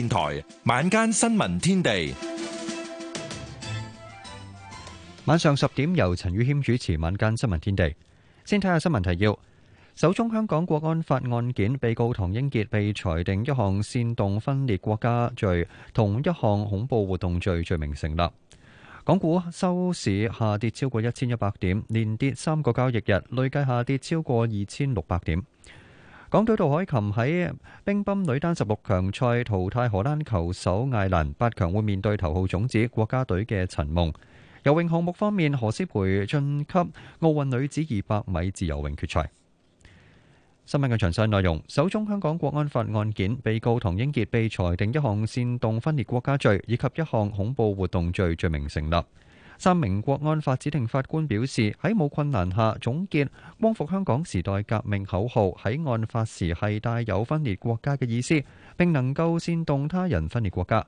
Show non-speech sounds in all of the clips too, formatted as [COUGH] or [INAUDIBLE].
電台晚間新聞天地，晚上十點由陳宇謙主持。晚間新聞天地，先睇下新聞提要。首宗香港國安法案件，被告唐英傑被裁定一項煽動分裂國家罪，同一項恐怖活動罪罪名成立。港股收市下跌超過一千一百點，連跌三個交易日，累計下跌超過二千六百點。港隊杜海琴喺乒乓女單十六強賽淘汰荷蘭球手艾蘭，八強會面對頭號種子國家隊嘅陳夢。游泳項目方面，何詩蓓晉級奧運女子二百米自由泳決賽。新聞嘅詳細內容：首宗香港國安法案件，被告唐英傑被裁定一項煽動分裂國家罪以及一項恐怖活動罪罪名成立。三名國安法指定法官表示，喺冇困難下總結光復香港時代革命口號喺案發時係帶有分裂國家嘅意思，並能夠煽動他人分裂國家。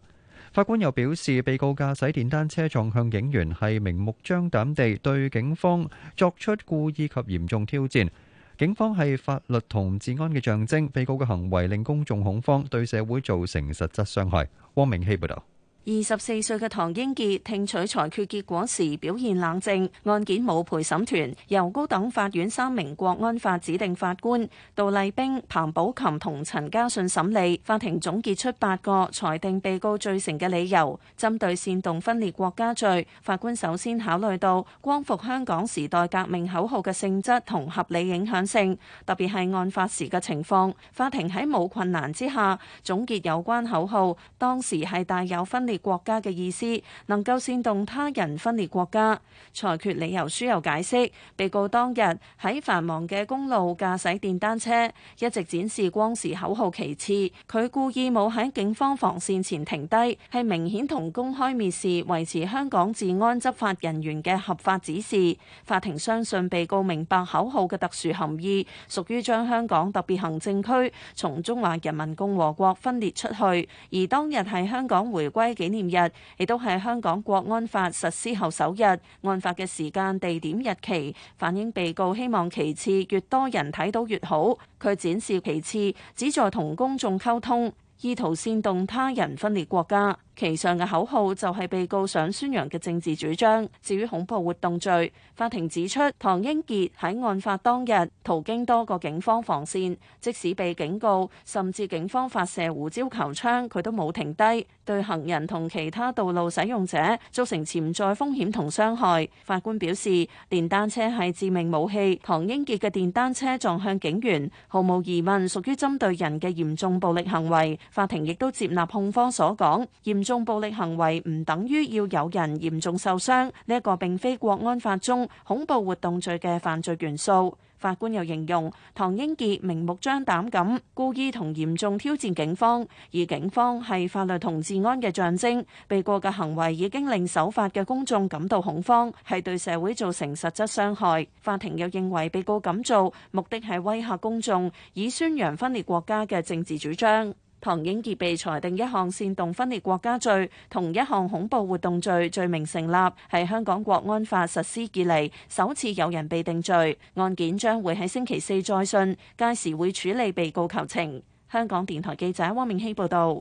法官又表示，被告駕駛電單車撞向警員係明目張膽地對警方作出故意及嚴重挑戰，警方係法律同治安嘅象徵，被告嘅行為令公眾恐慌，對社會造成實質傷害。汪明希報道。二十四歲嘅唐英傑聽取裁決結果時表現冷靜。案件冇陪審團，由高等法院三名國安法指定法官杜麗冰、彭寶琴同陳家信審理。法庭總結出八個裁定被告罪成嘅理由，針對煽動分裂國家罪。法官首先考慮到光復香港時代革命口號嘅性質同合理影響性，特別係案發時嘅情況。法庭喺冇困難之下總結有關口號當時係帶有分裂國家嘅意思，能夠煽動他人分裂國家。裁決理由書又解釋，被告當日喺繁忙嘅公路駕駛電單車，一直展示光時口號。其次，佢故意冇喺警方防線前停低，係明顯同公開蔑視維持香港治安執法人員嘅合法指示。法庭相信被告明白口號嘅特殊含義，屬於將香港特別行政區從中華人民共和國分裂出去。而當日係香港回歸紀念日亦都係香港國安法實施後首日，案發嘅時間、地點、日期反映被告希望旗幟越多人睇到越好。佢展示旗幟旨在同公眾溝通，意圖煽動他人分裂國家。其上嘅口號就係被告想宣揚嘅政治主張。至於恐怖活動罪，法庭指出唐英傑喺案發當日途經多個警方防線，即使被警告，甚至警方發射胡椒球槍，佢都冇停低，對行人同其他道路使用者造成潛在風險同傷害。法官表示電單車係致命武器，唐英傑嘅電單車撞向警員，毫無疑問屬於針對人嘅嚴重暴力行為，法庭亦都接納控方所講嚴重重暴力行為唔等於要有人嚴重受傷，呢一個並非國安法中恐怖活動罪嘅犯罪元素。法官又形容唐英傑明目張膽咁故意同嚴重挑戰警方，而警方係法律同治安嘅象徵。被告嘅行為已經令守法嘅公眾感到恐慌，係對社會造成實質傷害。法庭又認為被告咁做目的係威嚇公眾，以宣揚分裂國家嘅政治主張。唐英傑被裁定一項煽動分裂國家罪，同一項恐怖活動罪罪名成立，係香港國安法實施以嚟首次有人被定罪。案件將會喺星期四再訊，屆時會處理被告求情。香港電台記者汪明熙報道。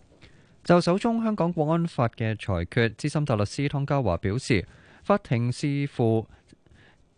就首宗香港國安法嘅裁決，資深大律師湯家驊表示，法庭是否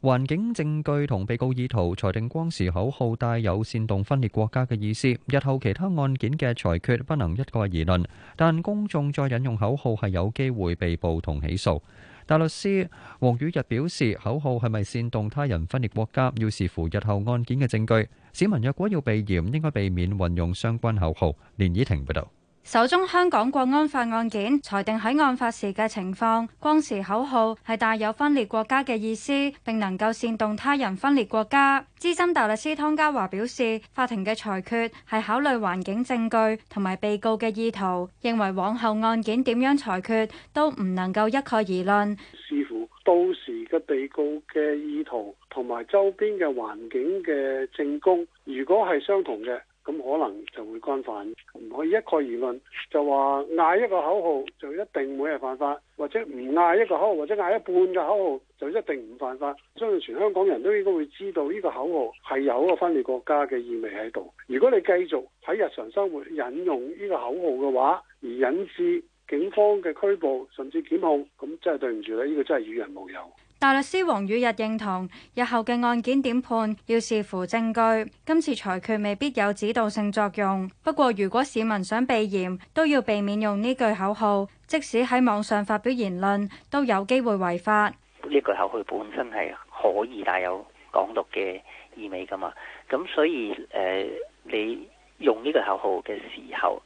環境證據同被告意圖裁定光時口號帶有煽動分裂國家嘅意思，日後其他案件嘅裁決不能一概而論。但公眾再引用口號係有機會被捕同起訴。大律師黃宇日表示，口號係咪煽動他人分裂國家，要視乎日後案件嘅證據。市民若果要避嫌，應該避免運用相關口號。連倚婷報道。首宗香港國安法案件裁定喺案發時嘅情況，光是口號係帶有分裂國家嘅意思，並能夠煽動他人分裂國家。資深大律師湯家驊表示，法庭嘅裁決係考慮環境證據同埋被告嘅意圖，認為往後案件點樣裁決都唔能夠一概而論，視乎到時嘅被告嘅意圖同埋周邊嘅環境嘅證供如果係相同嘅。咁可能就會干犯，唔可以一概而論就話嗌一個口號就一定會係犯法，或者唔嗌一個口號，或者嗌一半嘅口號就一定唔犯法。相信全香港人都應該會知道呢個口號係有一個分裂國家嘅意味喺度。如果你繼續喺日常生活引用呢個口號嘅話，而引致警方嘅拘捕甚至檢控，咁真係對唔住咧，呢個真係與人無尤。大律師黃宇日認同，日後嘅案件點判要視乎證據，今次裁決未必有指導性作用。不過，如果市民想避嫌，都要避免用呢句口號，即使喺網上發表言論，都有機會違法。呢句口號本身係可以帶有港獨嘅意味噶嘛，咁所以誒、呃，你用呢句口號嘅時候，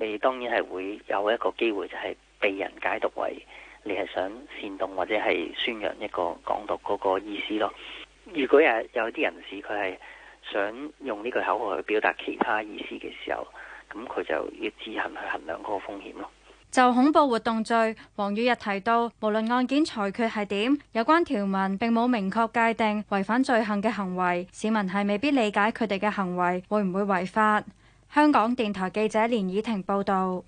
你當然係會有一個機會就係被人解讀為。你係想煽動或者係宣揚一個港獨嗰個意思咯？如果係有啲人士佢係想用呢句口號去表達其他意思嘅時候，咁佢就要自行去衡量嗰個風險咯。就恐怖活動罪，黃宇日提到，無論案件裁決係點，有關條文並冇明確界定違反罪行嘅行為，市民係未必理解佢哋嘅行為會唔會違法。香港電台記者連以婷報導。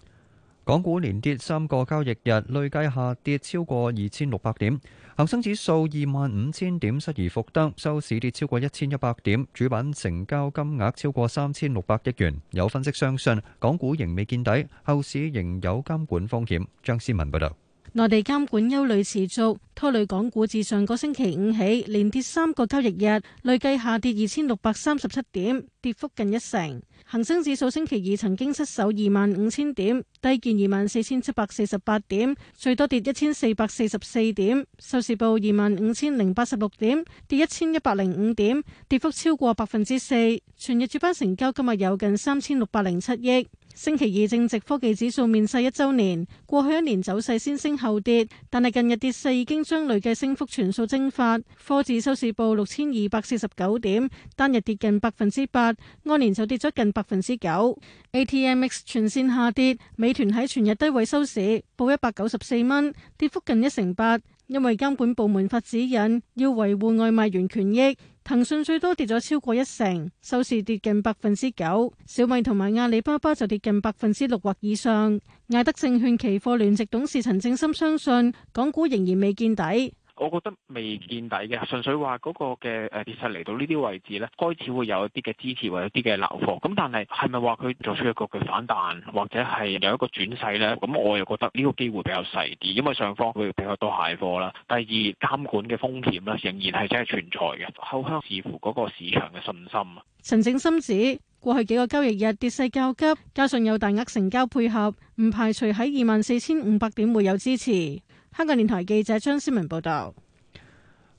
港股連跌三個交易日，累計下跌超過二千六百點，恒生指數二萬五千點失而復得，收市跌超過一千一百點，主板成交金額超過三千六百億元。有分析相信，港股仍未見底，後市仍有監管風險。張思文報道，內地監管憂慮持續拖累港股，自上個星期五起連跌三個交易日，累計下跌二千六百三十七點，跌幅近一成。恒生指數星期二曾經失守二萬五千點，低見二萬四千七百四十八點，最多跌一千四百四十四點，收市報二萬五千零八十六點，跌一千一百零五點，跌幅超過百分之四。全日主板成交今日有近三千六百零七億。星期二正值科技指數面世一周年，過去一年走勢先升後跌，但係近日跌勢已經將累計升幅全數蒸發。科指收市報六千二百四十九點，單日跌近百分之八，按年就跌咗近百分之九。ATMX 全線下跌，美團喺全日低位收市，報一百九十四蚊，跌幅近一成八，因為監管部門發指引，要維護外賣員權益。騰訊最多跌咗超過一成，收市跌近百分之九；小米同埋阿里巴巴就跌近百分之六或以上。艾德證券期貨聯席董事陳正深相信，港股仍然未見底。我覺得未見底嘅，純粹話嗰個嘅誒跌勢嚟到呢啲位置咧，開始會有一啲嘅支持或者一啲嘅流貨。咁但係係咪話佢做出一個嘅反彈或者係有一個轉勢咧？咁我又覺得呢個機會比較細啲，因為上方會比較多蟹貨啦。第二監管嘅風險咧，仍然係真係存在嘅，後向視乎嗰個市場嘅信心。陳正心指過去幾個交易日跌勢較急，加上有大額成交配合，唔排除喺二萬四千五百點會有支持。香港電台記者張思文報道，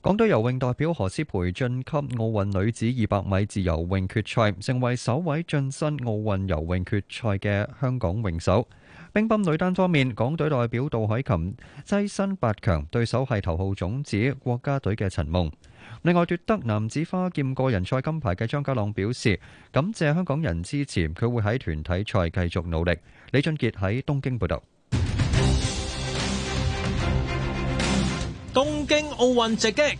港隊游泳代表何詩培晉級奧運女子二百米自由泳決賽，成為首位晉身奧運游泳決賽嘅香港泳手。乒乓女單方面，港隊代表杜海琴躋身八強，對手係頭號種子國家隊嘅陳夢。另外，奪得男子花劍個人賽金牌嘅張家朗表示，感謝香港人支持，佢會喺團體賽繼續努力。李俊傑喺東京報道。東京奧運直擊，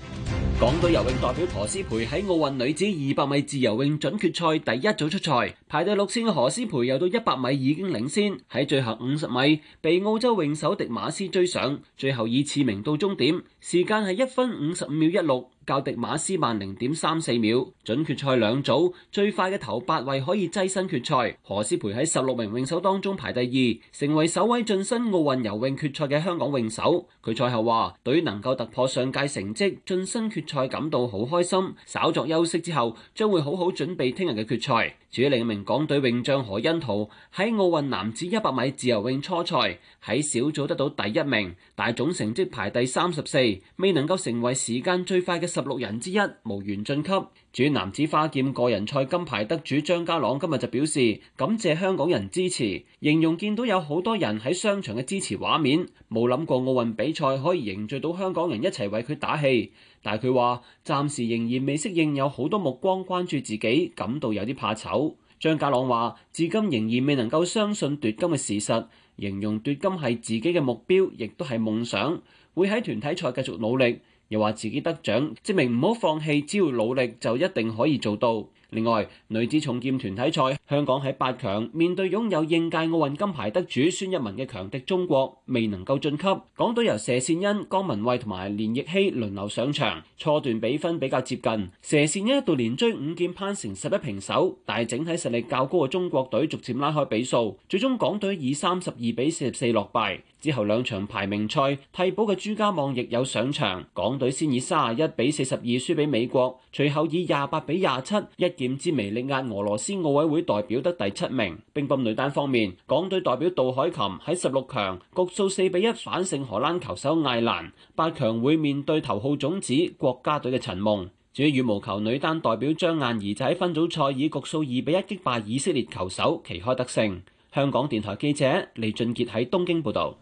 港隊游泳代表何詩蓓喺奧運女子二百米自由泳準決賽第一組出賽，排第六線嘅何詩蓓游到一百米已經領先，喺最後五十米被澳洲泳手迪馬斯追上，最後以次名到終點，時間係一分五十五秒一六。較迪馬斯慢零點三四秒，準決賽兩組最快嘅頭八位可以躋身決賽。何詩蓓喺十六名泳手當中排第二，成為首位晉身奧運游泳決，決賽嘅香港泳手。佢賽後話：對於能夠突破上屆成績晉身決賽感到好開心。稍作休息之後，將會好好準備聽日嘅決賽。至於另一名港隊泳將何恩圖喺奧運男子一百米自由泳初賽。喺小組得到第一名，但總成績排第三十四，未能夠成為時間最快嘅十六人之一，無緣晉級。至於男子花劍個人賽金牌得主張家朗今日就表示感謝香港人支持，形容見到有好多人喺商場嘅支持畫面，冇諗過奧運比賽可以凝聚到香港人一齊為佢打氣。但係佢話暫時仍然未適應有好多目光關注自己，感到有啲怕醜。張家朗話至今仍然未能夠相信奪金嘅事實。形容奪金係自己嘅目標，亦都係夢想，會喺團體賽繼續努力，又話自己得獎，證明唔好放棄，只要努力，就一定可以做到。另外，女子重劍團體賽，香港喺八強面對擁有應屆奧運金牌得主孫一文嘅強敵中國，未能夠晉級。港隊由佘善欣、江文慧同埋連奕希輪流上場，初段比分比較接近，佘善欣一度連追五劍攀成十一平手，但係整體實力較高嘅中國隊逐漸拉開比數，最終港隊以三十二比四十四落敗。之後兩場排名賽，替補嘅朱家望亦有上場，港隊先以三十一比四十二輸俾美國，隨後以廿八比廿七一。點知微力壓俄羅斯奧委會代表得第七名。乒乓女單方面，港隊代表杜海琴喺十六強局數四比一反勝荷蘭球手艾蘭，八強會面對頭號種子國家隊嘅陳夢。至於羽毛球女單代表張雁宜就喺分組賽以局數二比一擊敗以色列球手，旗開得勝。香港電台記者李俊傑喺東京報道。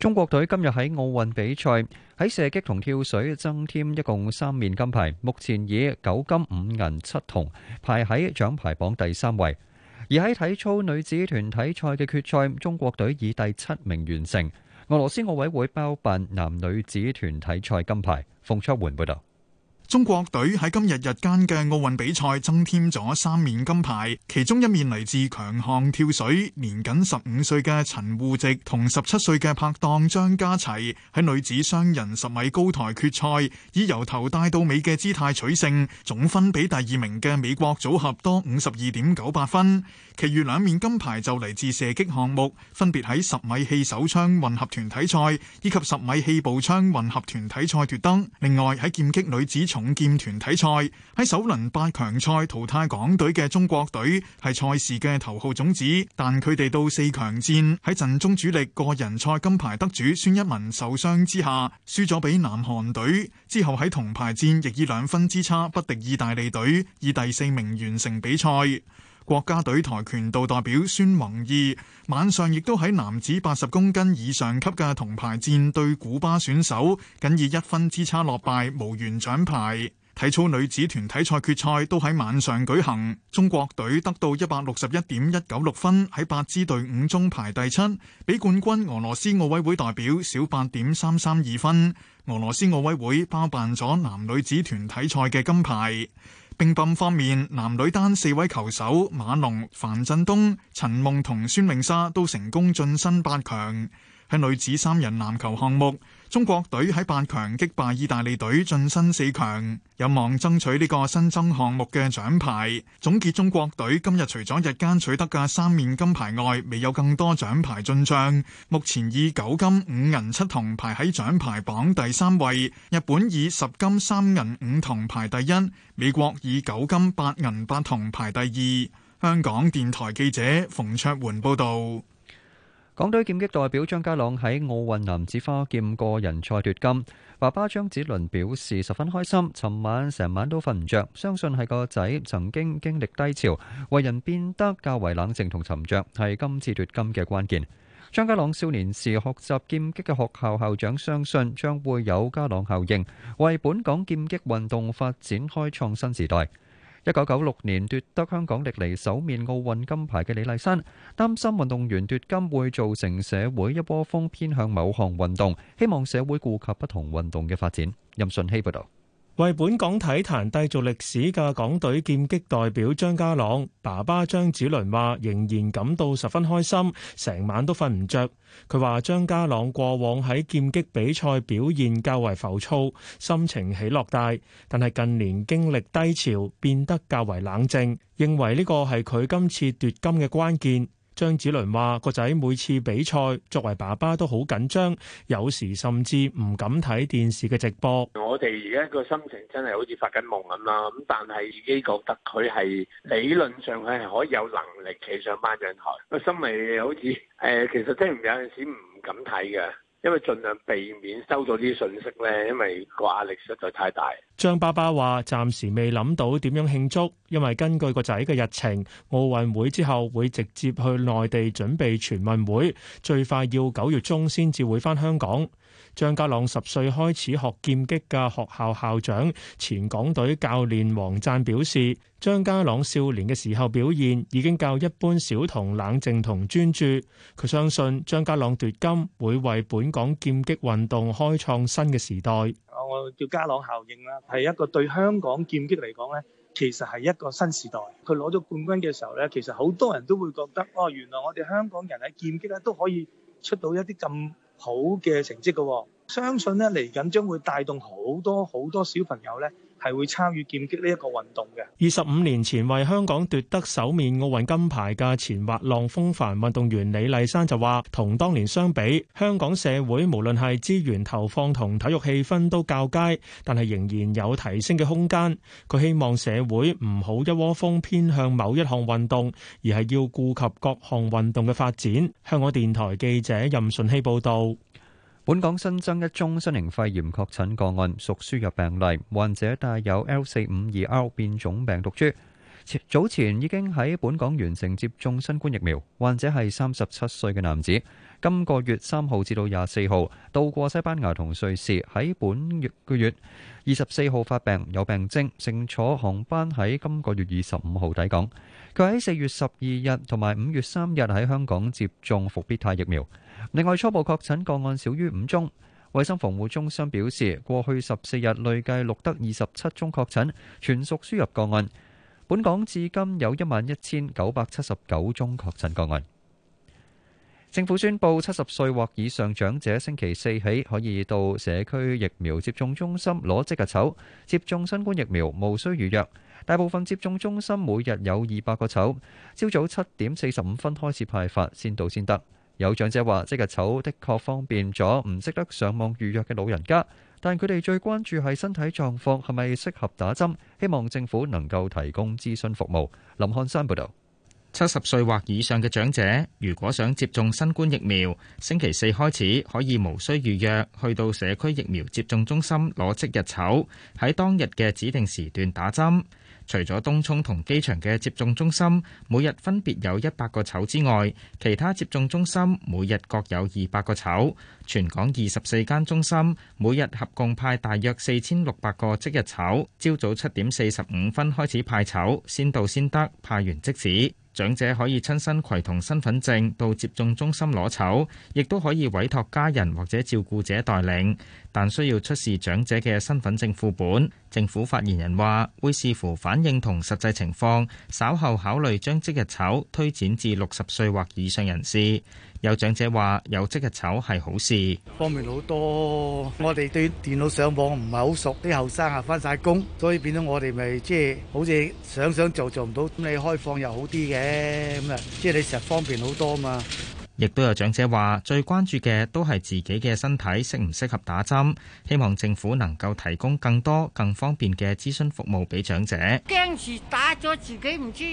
中國隊今日喺奧運比賽，喺射擊同跳水增添一共三面金牌，目前以九金五銀七銅，排喺獎牌榜第三位。而喺體操女子團體賽嘅決賽，中國隊以第七名完成。俄羅斯奧委會包辦男女子團體賽金牌。馮卓桓報道。中國隊喺今日日間嘅奧運比賽增添咗三面金牌，其中一面嚟自強項跳水，年僅十五歲嘅陳芋汐同十七歲嘅拍檔張家齊喺女子雙人十米高台決賽，以由頭帶到尾嘅姿態取勝，總分比第二名嘅美國組合多五十二點九八分。其餘兩面金牌就嚟自射擊項目，分別喺十米氣手槍混合團體賽以及十米氣步槍混合團體賽奪得。另外喺劍擊女子重五劍團體賽喺首輪八強賽淘汰港隊嘅中國隊係賽事嘅頭號種子，但佢哋到四強戰喺陣中主力個人賽金牌得主孫一文受傷之下，輸咗俾南韓隊，之後喺銅牌戰亦以兩分之差不敵意大利隊，以第四名完成比賽。國家隊跆拳道代表孫宏義晚上亦都喺男子八十公斤以上級嘅銅牌戰對古巴選手，僅以一分之差落敗，無緣獎牌。體操女子團體賽決賽都喺晚上舉行，中國隊得到一百六十一點一九六分，喺八支隊伍中排第七，比冠軍俄羅斯奧委會代表少八點三三二分。俄羅斯奧委會包辦咗男女子團體賽嘅金牌。乒乓方面，男女單四位球手馬龍、樊振東、陳夢同孫穎莎都成功晉身八強。喺女子三人籃球項目，中國隊喺八強擊敗意大利隊，晉身四強，有望爭取呢個新增項目嘅獎牌。總結中國隊今日除咗日間取得嘅三面金牌外，未有更多獎牌進賬。目前以九金五銀七銅排喺獎牌榜第三位，日本以十金三銀五銅排第一，美國以九金八銀八銅排第二。香港電台記者馮卓桓報道。港隊劍擊代表張家朗喺奧運男子花劍個人賽奪金，爸爸張子倫表示十分開心。尋晚，成晚都瞓唔着，相信係個仔曾經經歷低潮，為人變得較為冷靜同沉着，係今次奪金嘅關鍵。張家朗少年時學習劍擊嘅學校校校長相信將會有家朗效應，為本港劍擊運動發展開創新時代。一九九六年奪得香港歷嚟首面奧運金牌嘅李麗珊，擔心運動員奪金會造成社會一窩蜂偏向某項運動，希望社會顧及不同運動嘅發展。任順希報道。為本港體壇締造歷史嘅港隊劍擊代表張家朗，爸爸張子倫話仍然感到十分開心，成晚都瞓唔着。佢話張家朗過往喺劍擊比賽表現較為浮躁，心情起落大，但係近年經歷低潮，變得較為冷靜，認為呢個係佢今次奪金嘅關鍵。張子倫話：個仔每次比賽，作為爸爸都好緊張，有時甚至唔敢睇電視嘅直播。我哋而家個心情真係好似發緊夢咁啦，咁但係已經覺得佢係理論上佢係可以有能力企上頒獎台。個心係好似誒，其實真係有陣時唔敢睇嘅。因為盡量避免收到啲信息咧，因為個壓力實在太大。張爸爸話暫時未諗到點樣慶祝，因為根據個仔嘅日程，奧運會之後會直接去內地準備全運會，最快要九月中先至會翻香港。張家朗十歲開始學劍擊嘅學校校長、前港隊教練王贊表示：張家朗少年嘅時候表現已經較一般小童冷靜同專注。佢相信張家朗奪金會為本港劍擊運動開創新嘅時代。我叫家朗效應啦，係一個對香港劍擊嚟講呢，其實係一個新時代。佢攞咗冠軍嘅時候呢，其實好多人都會覺得哦，原來我哋香港人喺劍擊咧都可以出到一啲咁。好嘅成績嘅哦，相信咧嚟緊將會帶動好多好多小朋友咧。係會參與劍擊呢一個運動嘅。二十五年前為香港奪得首面奧運金牌嘅前滑浪風帆運動員李麗珊就話：同當年相比，香港社會無論係資源投放同體育氣氛都較佳，但係仍然有提升嘅空間。佢希望社會唔好一窩蜂偏向某一項運動，而係要顧及各項運動嘅發展。香港電台記者任順希報導。本港新增一宗新型肺炎確診個案，屬輸入病例，患者帶有 L 四五二 R 變種病毒株。早前已經喺本港完成接種新冠疫苗，患者係三十七歲嘅男子。今個月三號至到廿四號到過西班牙同瑞士，喺本月個月二十四號發病，有病徵，乘坐航班喺今個月二十五號抵港。佢喺四月十二日同埋五月三日喺香港接種復必泰疫苗。另外，初步確診個案少於五宗。衞生防護中心表示，過去十四日累計錄得二十七宗確診，全屬輸入個案。本港至今有一萬一千九百七十九宗確診個案。政府宣布，七十歲或以上長者星期四起可以到社區疫苗接種中心攞即日籌接種新冠疫苗，無需預約。大部分接種中心每日有二百個籌，朝早七點四十五分開始派發，先到先得。有長者話：即日籌的確方便咗唔識得上網預約嘅老人家，但佢哋最關注係身體狀況係咪適合打針，希望政府能夠提供諮詢服務。林漢山報導。七十歲或以上嘅長者，如果想接種新冠疫苗，星期四開始可以無需預約，去到社區疫苗接種中心攞即日籌，喺當日嘅指定時段打針。除咗東涌同機場嘅接種中心，每日分別有一百個籌之外，其他接種中心每日各有二百個籌。全港二十四間中心每日合共派大約四千六百個即日籌。朝早七點四十五分開始派籌，先到先得，派完即止。長者可以親身攜同身份證到接種中心攞籌，亦都可以委託家人或者照顧者代領。但需要出示長者嘅身份證副本。政府發言人話，會視乎反應同實際情況，稍後考慮將即日籌推展至六十歲或以上人士。有長者話有即日籌係好事，方便好多。我哋對電腦上網唔係好熟，啲後生啊翻晒工，所以變咗我哋咪即係好似想想做做唔到，咁你開放又好啲嘅咁啊，即係你成日方便好多嘛。亦都有長者話，最關注嘅都係自己嘅身體適唔適合打針，希望政府能夠提供更多、更方便嘅諮詢服務俾長者。驚住打咗自己唔知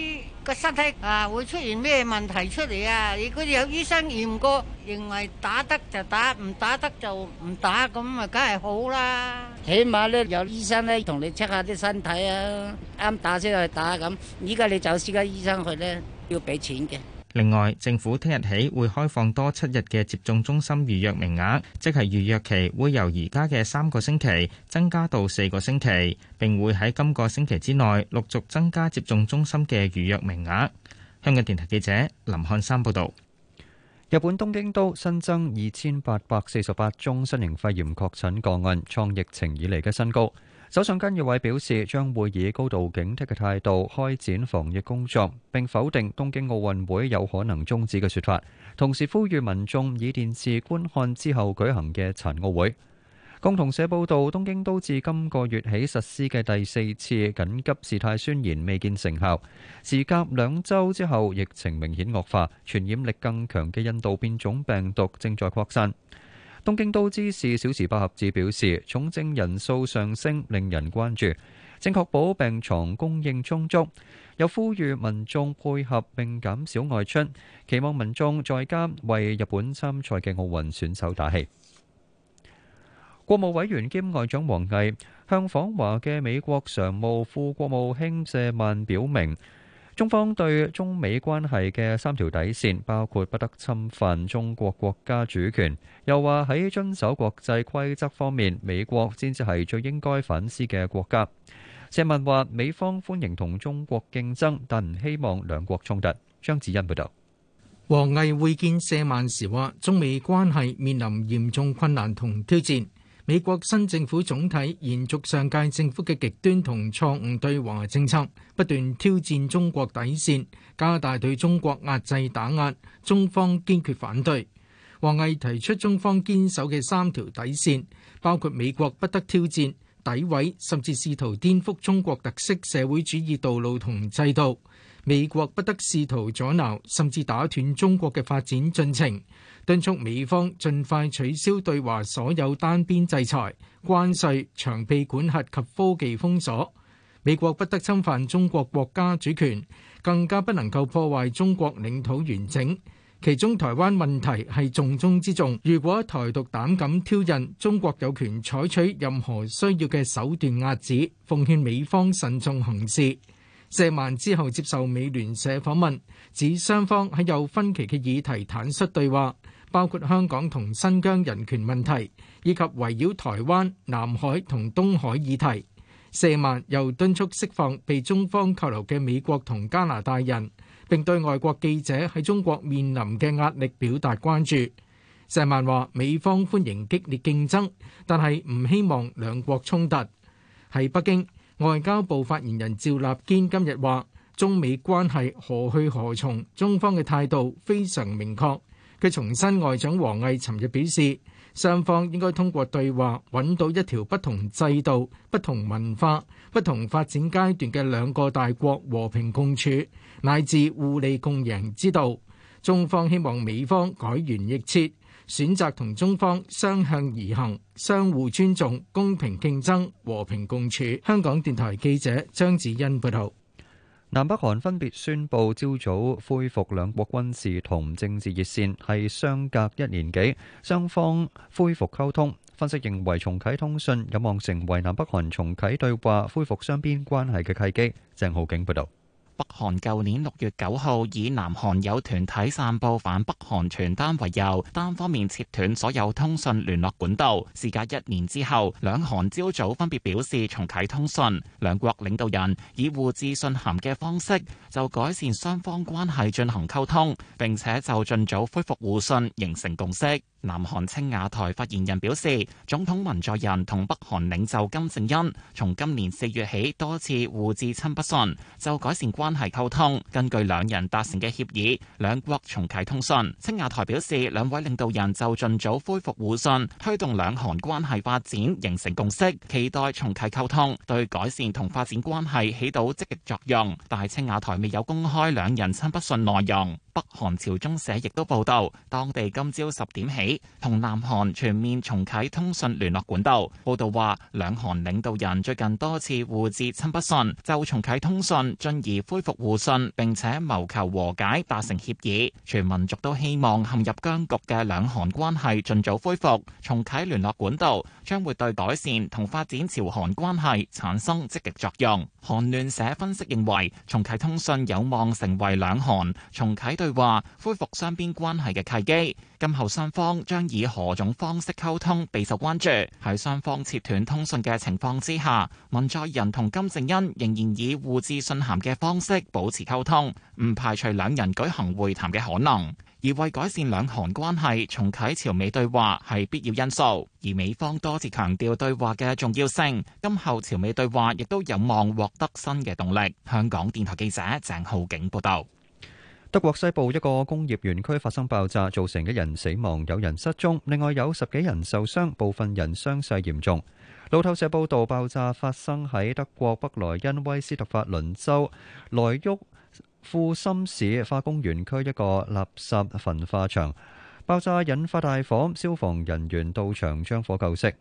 個身體啊會出現咩問題出嚟啊！如果有醫生驗過，認為打得就打，唔打得就唔打，咁啊梗係好啦。起碼咧有醫生咧同你 check 下啲身體啊，啱打先去打咁。依家你走私家醫生去咧要俾錢嘅。另外，政府聽日起會開放多七日嘅接種中心預約名額，即係預約期會由而家嘅三個星期增加到四個星期。並會喺今個星期之內陸續增加接種中心嘅預約名額。香港電台記者林漢山報導。日本東京都新增二千八百四十八宗新型肺炎確診個案，創疫情以嚟嘅新高。首相菅義偉表示，將會以高度警惕嘅態度開展防疫工作，並否定東京奧運會有可能終止嘅說法。同時呼籲民眾以電視觀看之後舉行嘅殘奧會。共同社報道，東京都自今個月起實施嘅第四次緊急事態宣言未見成效，時隔兩週之後，疫情明顯惡化，傳染力更強嘅印度變種病毒正在擴散。東京都知事小池百合子表示，重症人數上升令人關注，正確保病牀供應充足，又呼籲民眾配合並減少外出，期望民眾在家為日本參賽嘅奧運選手打氣。國務委員兼外長王毅向訪華嘅美國常務副國務卿謝曼表明。中方對中美關係嘅三條底線包括不得侵犯中國國家主權，又話喺遵守國際規則方面，美國先至係最應該反思嘅國家。謝曼話美方歡迎同中國競爭，但唔希望兩國衝突。張子欣報導，王毅會見謝曼時話：中美關係面臨嚴重困難同挑戰。美國新政府總體延續上屆政府嘅極端同錯誤對華政策，不斷挑戰中國底線，加大對中國壓制打壓。中方堅決反對。王毅提出中方堅守嘅三條底線，包括美國不得挑戰、詆毀，甚至試圖顛覆中國特色社會主義道路同制度；美國不得試圖阻撓，甚至打斷中國嘅發展進程。敦促美方盡快取消對華所有單邊制裁、關稅、長臂管轄及科技封鎖。美國不得侵犯中國國家主權，更加不能夠破壞中國領土完整。其中台灣問題係重中之重。如果台獨膽敢挑釁，中國有權採取任何需要嘅手段壓制。奉勸美方慎重行事。謝曼之後接受美聯社訪問，指雙方喺有分歧嘅議題坦率對話。包括香港同新疆人權問題，以及圍繞台灣、南海同東海議題。謝曼又敦促釋放被中方扣留嘅美國同加拿大人，並對外國記者喺中國面臨嘅壓力表達關注。謝曼話：美方歡迎激烈競爭，但係唔希望兩國衝突。喺北京，外交部發言人趙立堅今日話：中美關係何去何從？中方嘅態度非常明確。佢重申，新外長王毅尋日表示，雙方應該通過對話揾到一條不同制度、不同文化、不同發展階段嘅兩個大國和平共處乃至互利共贏之道。中方希望美方改弦易轍，選擇同中方相向而行、相互尊重、公平競爭、和平共處。香港電台記者張子欣報道。南北韓分別宣布朝早恢復兩國軍事同政治熱線，係相隔一年幾，雙方恢復溝通。分析認為重啟通訊有望成為南北韓重啟對話、恢復雙邊關係嘅契機。鄭浩景報道。北韓舊年六月九號以南韓有團體散佈反北韓傳單為由，單方面切斷所有通訊聯絡管道。事隔一年之後，兩韓朝早分別表示重啟通訊，兩國領導人以互致信函嘅方式就改善雙方關係進行溝通，並且就盡早恢復互信形成共識。南韓青瓦台發言人表示，總統文在寅同北韓領袖金正恩從今年四月起多次互致親筆信，就改善關係溝通。根據兩人達成嘅協議，兩國重啟通訊。青瓦台表示，兩位領導人就盡早恢復互信，推動兩韓關係發展，形成共識，期待重啟溝通對改善同發展關係起到積極作用。但係青瓦台未有公開兩人親筆信內容。北韓朝中社亦都報道，當地今朝十點起同南韓全面重啟通訊聯絡管道。報道話，兩韓領導人最近多次互致親筆信，就重啟通訊，進而恢復互信，並且謀求和解達成協議。全民族都希望陷入僵局嘅兩韓關係盡早恢復，重啟聯絡管道將會對改善同發展朝韓關係產生積極作用。韓聯社分析認為，重啟通訊有望成為兩韓重啟對。話恢復雙邊關係嘅契機，今後雙方將以何種方式溝通備受關注。喺雙方切斷通訊嘅情況之下，文在寅同金正恩仍然以互致信函嘅方式保持溝通，唔排除兩人舉行會談嘅可能。而為改善兩韓關係，重啟朝美對話係必要因素。而美方多次強調對話嘅重要性，今後朝美對話亦都有望獲得新嘅動力。香港電台記者鄭浩景報道。德國西部一個工業園區發生爆炸，造成一人死亡，有人失蹤，另外有十幾人受傷，部分人傷勢嚴重。路透社報道，爆炸發生喺德國北萊茵威斯特法倫州萊沃庫森市化工園區一個垃圾焚化場。爆炸引發大火，消防人員到場將火救熄。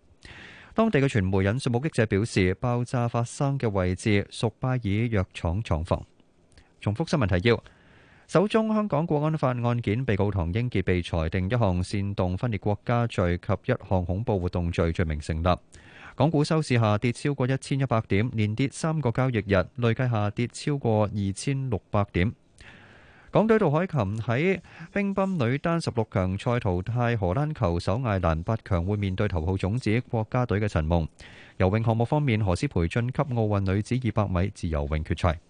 當地嘅傳媒引述目擊者表示，爆炸發生嘅位置屬拜耳藥廠廠房。重複新聞提要。首宗香港國安法案件，被告唐英傑被裁定一項煽動分裂國家罪及一項恐怖活動罪罪名成立。港股收市下跌超過一千一百點，連跌三個交易日，累計下跌超過二千六百點。港隊杜海琴喺乒乓女單十六強賽淘汰荷蘭球手艾蘭，八強會面對頭號種子國家隊嘅陳夢。游泳項目方面，何詩培晉級奧運女子二百米自由泳決賽。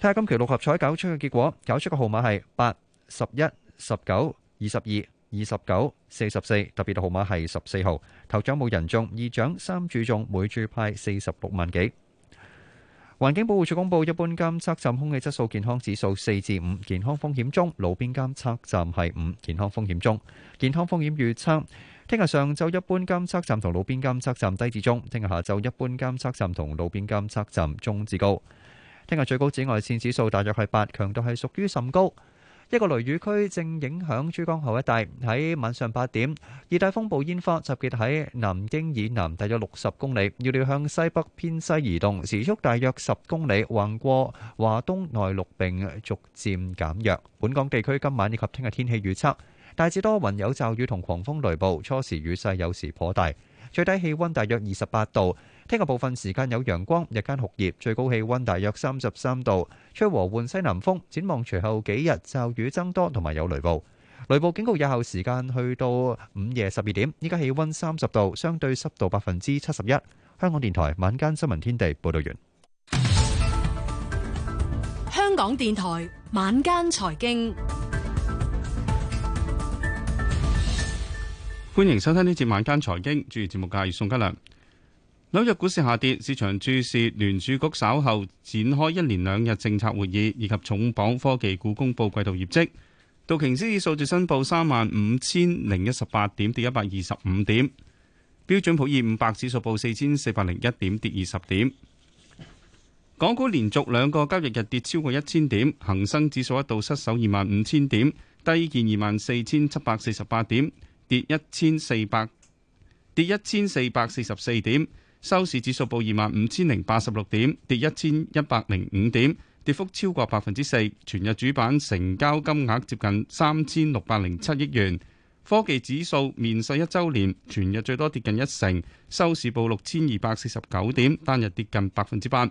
睇下今期六合彩搞出嘅結果，搞出個號碼係八、十一、十九、二十二、二十九、四十四。特別嘅號碼係十四號，頭獎冇人中，二獎三注中，每注派四十六萬幾。環境保護署公布，一般監測站空氣質素健康指數四至五，5, 健康風險中；路邊監測站係五，健康風險中。健康風險預測，聽日上晝一般監測站同路邊監測站低至中；聽日下晝一般監測站同路邊監測站中至高。聽日最高紫外線指數大約係八，強度係屬於甚高。一個雷雨區正影響珠江口一帶，喺晚上八點，熱帶風暴煙花集結喺南京以南大約六十公里，預料向西北偏西移動，時速大約十公里，橫過華東內陸並逐漸減弱。本港地區今晚以及聽日天氣預測大致多雲有驟雨同狂風雷暴，初時雨勢有時頗大，最低氣温大約二十八度。聽日部分時間有陽光，日間酷熱，最高氣温大約三十三度，吹和緩西南風。展望隨後幾日，驟雨增多同埋有雷暴，雷暴警告有效時間去到午夜十二點。依家氣温三十度，相對濕度百分之七十一。香港電台晚間新聞天地報道完。香港電台晚間財經，歡迎收聽呢節晚間財經，主持節目嘅係宋嘉良。紐約股市下跌，市場注視聯儲局稍後展開一連兩日政策會議，以及重磅科技股公布季度業績。道瓊斯指數報三萬五千零一十八點，跌一百二十五點。標準普爾五百指數報四千四百零一點，跌二十點。港股連續兩個交易日跌超過一千點，恒生指數一度失守二萬五千點，低見二萬四千七百四十八點，跌一千四百跌一千四百四十四點。收市指數報二萬五千零八十六點，跌一千一百零五點，跌幅超過百分之四。全日主板成交金額接近三千六百零七億元。科技指數面世一週年，全日最多跌近一成，收市報六千二百四十九點，單日跌近百分之八。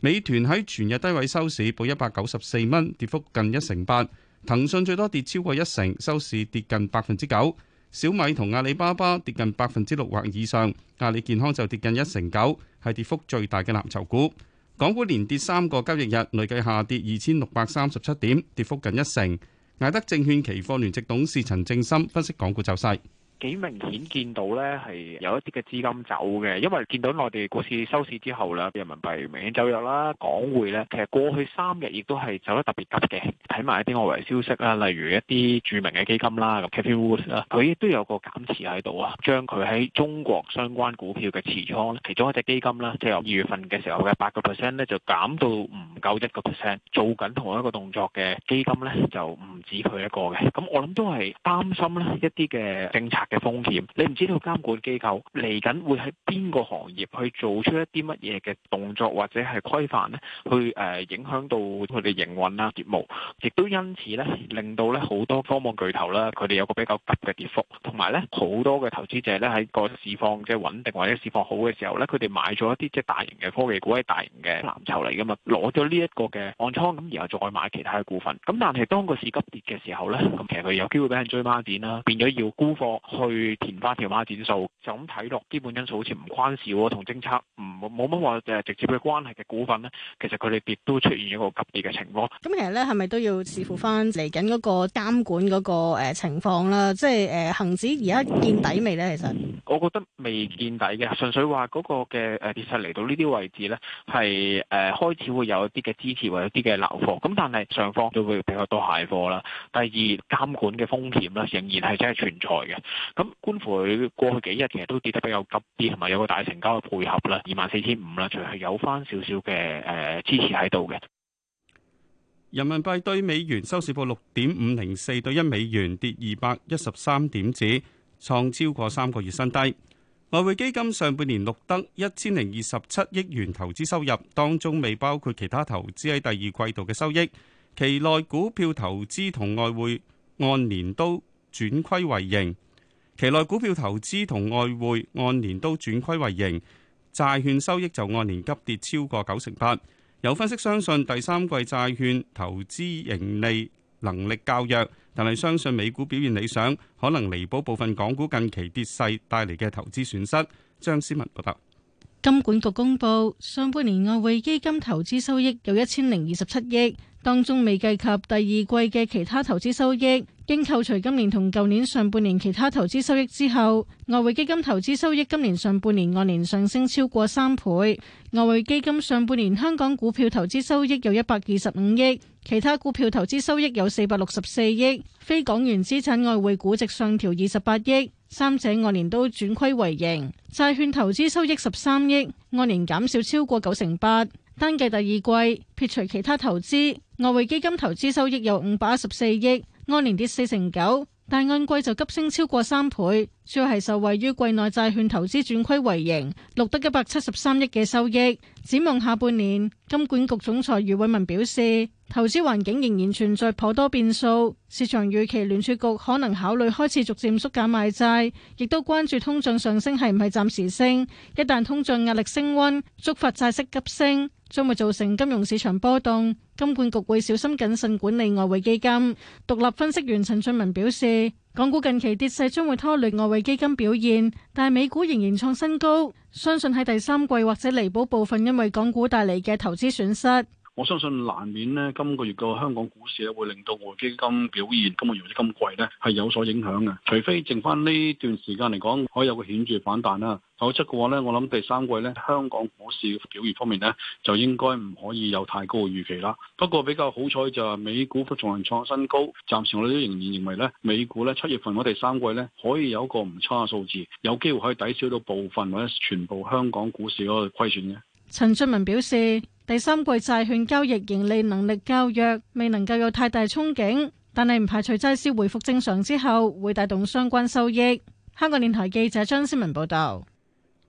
美團喺全日低位收市，報一百九十四蚊，跌幅近一成八。騰訊最多跌超過一成，收市跌近百分之九。小米同阿里巴巴跌近百分之六或以上，阿里健康就跌近一成九，係跌幅最大嘅藍籌股。港股連跌三個交易日，累計下跌二千六百三十七點，跌幅近一成。艾德證券期貨聯席董事陳正森分析港股走勢。幾明顯見到咧係有一啲嘅資金走嘅，因為見到內地股市收市之後啦，人民幣明顯走弱啦，港匯咧其實過去三日亦都係走得特別急嘅。睇埋一啲外圍消息啦，例如一啲著名嘅基金啦，咁 Cathie Wood 啦，佢都有個減持喺度啊，將佢喺中國相關股票嘅持倉，其中一隻基金啦，即係由二月份嘅時候嘅八個 percent 咧，就減到唔夠一個 percent。做緊同一個動作嘅基金咧，就唔止佢一個嘅。咁我諗都係擔心咧一啲嘅政策嘅風險，你唔知道監管機構嚟緊會喺邊個行業去做出一啲乜嘢嘅動作或者係規範咧，去誒影響到佢哋營運啦、業務，亦都因此咧令到咧好多科網巨頭啦，佢哋有個比較急嘅跌幅，同埋咧好多嘅投資者咧喺個市況即係穩定或者市況好嘅時候咧，佢哋買咗一啲即係大型嘅科技股，係大型嘅藍籌嚟噶嘛，攞咗呢一個嘅按倉，咁然後再買其他嘅股份，咁但係當個市急跌嘅時候咧，咁其實佢有機會俾人追孖展啦，變咗要沽貨。去填翻條碼點數，就咁睇落基本因素好似唔關事喎，同政策唔冇乜話直接嘅關係嘅股份呢，其實佢哋亦都出現咗個急跌嘅情況。咁其實呢，係咪都要視乎翻嚟緊嗰個監管嗰個情況啦？即係誒恆指而家見底未呢、呃？其實我覺得未見底嘅，純粹話嗰個嘅誒跌勢嚟到呢啲位置呢，係誒、呃、開始會有一啲嘅支持或者啲嘅流貨。咁但係上方就會比較多蟹貨啦。第二監管嘅風險呢，仍然係真係存在嘅。咁，觀乎佢過去幾日其實都跌得比較急啲，同埋有個大成交嘅配合啦。二萬四千五啦，仲係有返少少嘅誒支持喺度嘅。人民幣對美元收市報六點五零四對一美元跌，跌二百一十三點子，創超過三個月新低。外匯基金上半年錄得一千零二十七億元投資收入，當中未包括其他投資喺第二季度嘅收益。期內股票投資同外匯按年都轉虧為盈。期內股票投資同外匯按年都轉虧為盈，債券收益就按年急跌超過九成八。有分析相信第三季債券投資盈利能力較弱，但係相信美股表現理想，可能彌補部分港股近期跌勢帶嚟嘅投資損失。張思文報道，金管局公布上半年外匯基金投資收益有一千零二十七億。當中未計及第二季嘅其他投資收益，經扣除今年同舊年上半年其他投資收益之後，外匯基金投資收益今年上半年按年上升超過三倍。外匯基金上半年香港股票投資收益有一百二十五億，其他股票投資收益有四百六十四億，非港元資產外匯估值上調二十八億，三者按年都轉虧為盈。債券投資收益十三億，按年減少超過九成八。單計第二季，撇除其他投資，外匯基金投資收益由五百一十四億，按年跌四成九，但按季就急升超過三倍，主要係受惠於季內債券投資轉虧為盈，錄得一百七十三億嘅收益。展望下半年，金管局總裁余偉文表示，投資環境仍然存在頗多變數，市場預期聯儲局可能考慮開始逐漸縮減，減賣債，亦都關注通脹上升係唔係暫時升，一旦通脹壓力升温，觸發債息急升。將會造成金融市場波動，金管局會小心謹慎管理外匯基金。獨立分析員陳俊文表示，港股近期跌勢將會拖累外匯基金表現，但美股仍然創新高，相信喺第三季或者彌補部分因為港股帶嚟嘅投資損失。我相信難免呢今個月個香港股市咧會令到外匯基金表現，今個月或者今季咧係有所影響嘅。除非剩翻呢段時間嚟講，可以有個顯著反彈啦。否則嘅話咧，我諗第三季咧香港股市表現方面咧，就應該唔可以有太高嘅預期啦。不過比較好彩就係美股仲係創新高，暫時我哋都仍然認為咧，美股咧七月份我哋第三季咧可以有一個唔差嘅數字，有機會可以抵消到部分或者全部香港股市嗰個虧損嘅。陳俊文表示，第三季債券交易盈利能力較弱，未能夠有太大憧憬，但係唔排除債市回復正常之後會帶動相關收益。香港電台記者張思文報道。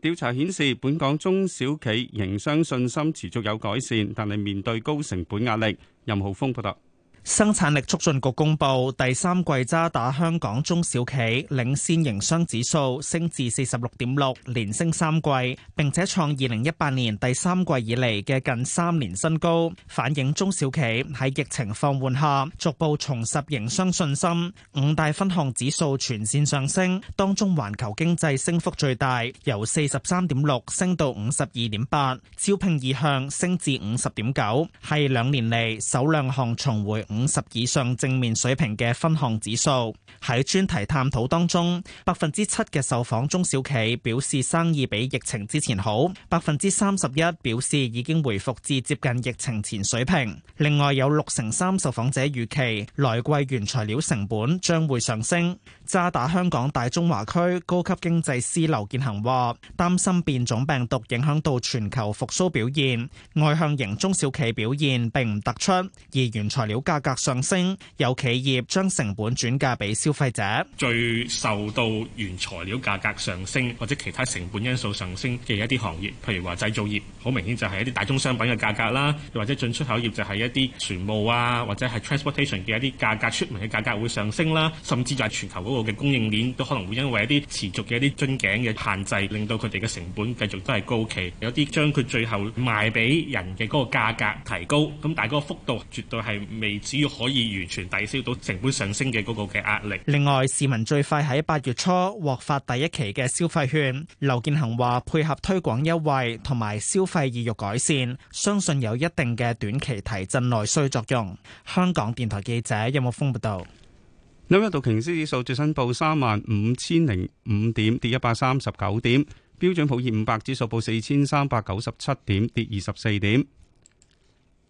調查顯示，本港中小企營商信心持續有改善，但係面對高成本壓力。任浩峰報道。生產力促進局公布第三季渣打香港中小企領先營商指數升至四十六點六，連升三季，並且創二零一八年第三季以嚟嘅近三年新高，反映中小企喺疫情放緩下逐步重拾營商信心。五大分項指數全線上升，當中環球經濟升幅最大，由四十三點六升到五十二點八，招聘意向升至五十點九，係兩年嚟首兩項重回五十以上正面水平嘅分項指數。喺專題探討當中，百分之七嘅受訪中小企表示生意比疫情之前好，百分之三十一表示已經回復至接近疫情前水平。另外有六成三受訪者預期來季原材料成本將會上升。渣打香港大中華區高級經濟師劉建恆話，擔心變種病毒影響到全球復甦表現，外向型中小企表現並唔突出，而原材料價。價格上升，有企業將成本轉嫁俾消費者。最受到原材料價格上升或者其他成本因素上升嘅一啲行業，譬如話製造業，好明顯就係一啲大宗商品嘅價格啦，又或者進出口業就係一啲船務啊，或者係 transportation 嘅一啲價格。出名嘅價格會上升啦。甚至就係全球嗰個嘅供應鏈都可能會因為一啲持續嘅一啲樽頸嘅限制，令到佢哋嘅成本繼續都係高企。有啲將佢最後賣俾人嘅嗰個價格提高，咁但係嗰個幅度絕對係未。只要可以完全抵消到成本上升嘅嗰個嘅壓力。另外，市民最快喺八月初獲發第一期嘅消費券。劉建恒話配合推廣優惠同埋消費意欲改善，相信有一定嘅短期提振內需作用。香港電台記者任木峰報道。紐約道瓊斯指數最新報三萬五千零五點，跌一百三十九點。標準普爾五百指數報四千三百九十七點，跌二十四點。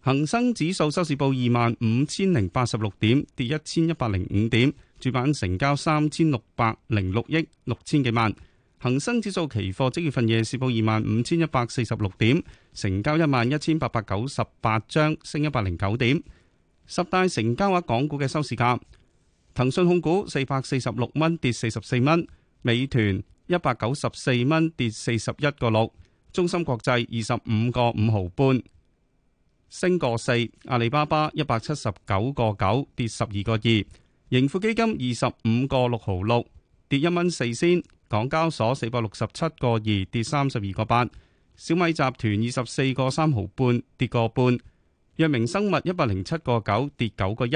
恒生指數收市報二萬五千零八十六點，跌一千一百零五點，主板成交三千六百零六億六千幾萬。恒生指數期貨即月份夜市報二萬五千一百四十六點，成交一萬一千八百九十八張，升一百零九點。十大成交額港股嘅收市價：騰訊控股四百四十六蚊，跌四十四蚊；美團一百九十四蚊，跌四十一個六；中芯國際二十五個五毫半。升過四，阿里巴巴一百七十九個九跌十二個二，盈富基金二十五個六毫六跌一蚊四仙，港交所四百六十七個二跌三十二個八，小米集團二十四個三毫半跌個半，藥明生物一百零七個九跌九個一，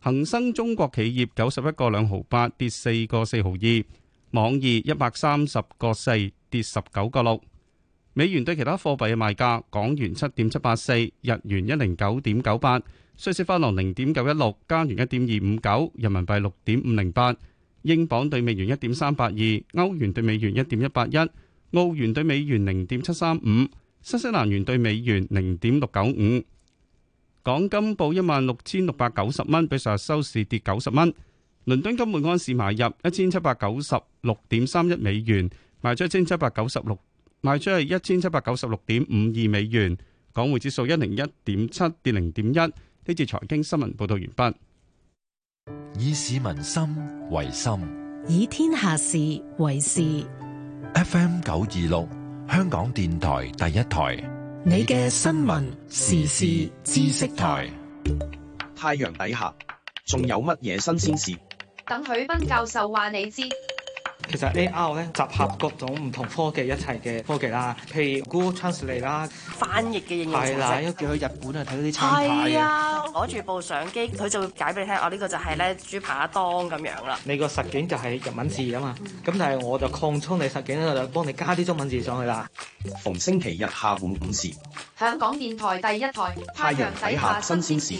恒生中國企業九十一個兩毫八跌四個四毫二，網易一百三十個四跌十九個六。美元對其他貨幣嘅賣價，港元七點七八四，日元一零九點九八，瑞士法郎零點九一六，加元一點二五九，人民幣六點五零八，英鎊對美元一點三八二，歐元對美元一點一八一，澳元對美元零點七三五，新西蘭元對美元零點六九五。港金報一萬六千六百九十蚊，比上日收市跌九十蚊。倫敦金每盎司買入一千七百九十六點三一美元，賣出一千七百九十六。賣出去一千七百九十六點五二美元，港匯指數一零一點七跌零點一。呢次財經新聞報道完畢，以市民心為心，以天下事為事。F M 九二六，香港電台第一台，你嘅新聞時事知識台，太陽底下仲有乜嘢新鮮事？等許斌教授話你知。其實 A R 咧集合各種唔同科技一齊嘅科技啦，譬如 Google Translate 啦，翻譯嘅應用程式。係啦，一叫去日本去睇到啲招牌啊，攞住、啊、部相機，佢就會解俾你聽，我呢個就係咧豬扒丼咁樣啦。你個實景就係日文字啊嘛，咁但係我就擴充你實景，我就幫你加啲中文字上去啦。逢星期日下午五時，香港電台第一台，太陽底下新鮮事。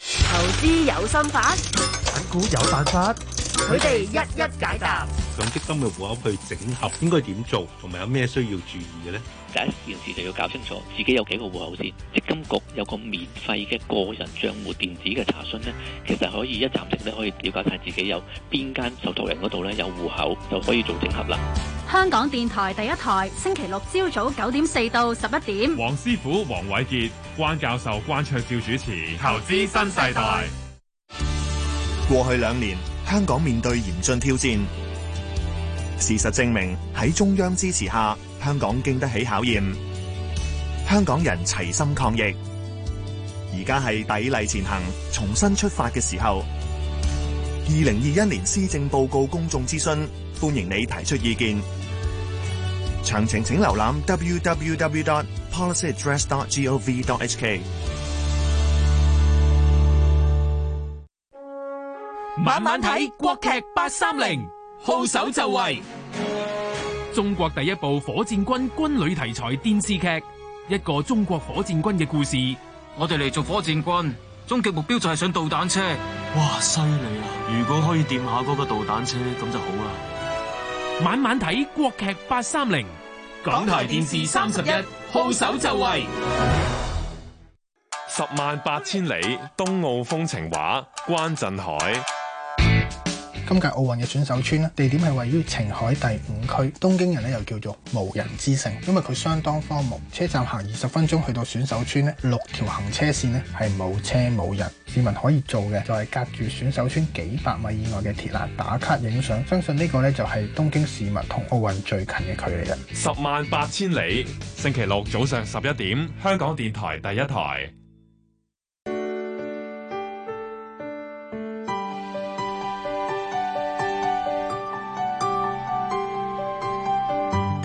投資有心法，炒股有辦法。佢哋一一解答。強積金嘅戶口去整合應該點做，同埋有咩需要注意嘅咧？第一件事就要搞清楚自己有幾個戶口先。積金局有個免費嘅個人賬戶電子嘅查詢咧，其實可以一站式咧，可以了解晒自己有邊間受託人嗰度咧有戶口，就可以做整合啦。香港電台第一台，星期六朝早九點四到十一點，黃師傅、黃偉杰關教授、關卓少主持。投資新世代。過去兩年。香港面對嚴峻挑戰，事實證明喺中央支持下，香港經得起考驗。香港人齊心抗疫，而家係砥礪前行、重新出發嘅時候。二零二一年施政報告公眾諮詢，歡迎你提出意見。詳情請瀏覽 www.policyaddress.gov.hk。晚晚睇國劇八三零，號手就位。 [MUSIC] 中國第一部火箭軍軍旅題材電視劇，一個中國火箭軍嘅故事。我哋嚟做火箭軍，終極目標就係上導彈車。哇，犀利啊！如果可以掂下嗰個導彈車，咁就好啦。晚晚睇國劇八三零，港台電視三十一，號手就位。十萬八千里，東澳風情話，關振海。今屆奧運嘅選手村咧，地點係位於晴海第五區。東京人咧又叫做無人之城，因為佢相當荒蕪。車站行二十分鐘去到選手村咧，六條行車線咧係冇車冇人。市民可以做嘅就係隔住選手村幾百米以外嘅鐵欄打卡影相。相信呢個咧就係東京市民同奧運最近嘅距離啦。十萬八千里，星期六早上十一點，香港電台第一台。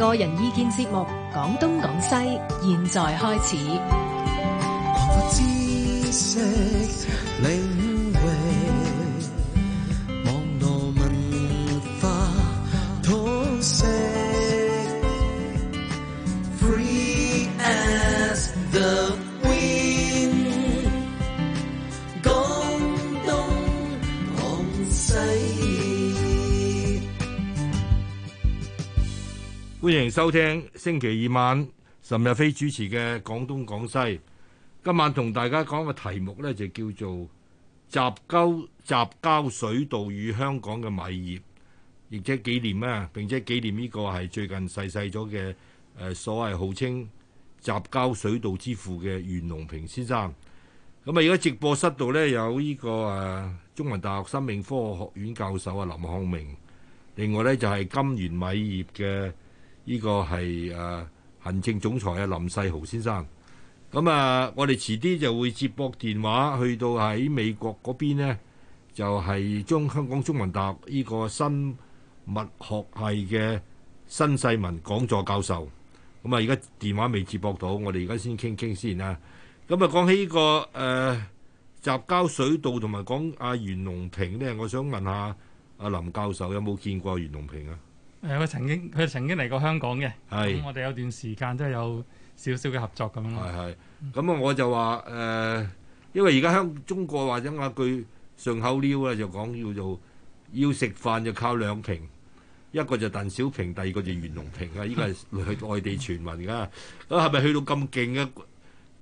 個人意見節目《廣東廣西》，現在開始。 [MUSIC] 歡迎收聽星期二晚岑日飛主持嘅《廣東廣西》。今晚同大家講嘅題目呢，就叫做《雜交雜交水稻與香港嘅米業》亦即紀念，並且紀念咧，並且紀念呢個係最近逝世咗嘅誒所謂號稱雜交水稻之父嘅袁隆平先生。咁啊，而家直播室度呢、這個，有呢個誒中文大學生命科學學院教授啊林漢明，另外呢，就係金源米業嘅。呢個係誒、呃、行政總裁啊，林世豪先生。咁、嗯、啊，我哋遲啲就會接駁電話，去到喺美國嗰邊呢，就係、是、將香港中文大學呢個生物學系嘅新世民講座教授。咁、嗯、啊，而家電話未接駁到，我哋而家先傾傾先啦。咁啊，講、嗯、起呢、這個誒雜、呃、交水稻同埋講阿袁隆平呢，我想問下阿、啊、林教授有冇見過袁隆平啊？誒佢曾經佢曾經嚟過香港嘅，咁是我哋有段時間都係有少少嘅合作咁咯。係係咁啊！我就話誒、呃，因為而家香中國話齋，嗱句順口溜啊，就講叫做要食飯就靠兩平，一個就鄧小平，第二個就袁隆平啊。依個係去外地傳聞㗎。咁係咪去到咁勁嘅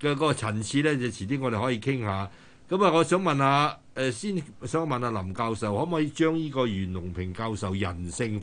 嘅嗰個層次咧？就遲啲我哋可以傾下。咁啊，我想問下誒、呃，先想問下林教授，可唔可以將呢個袁隆平教授人性？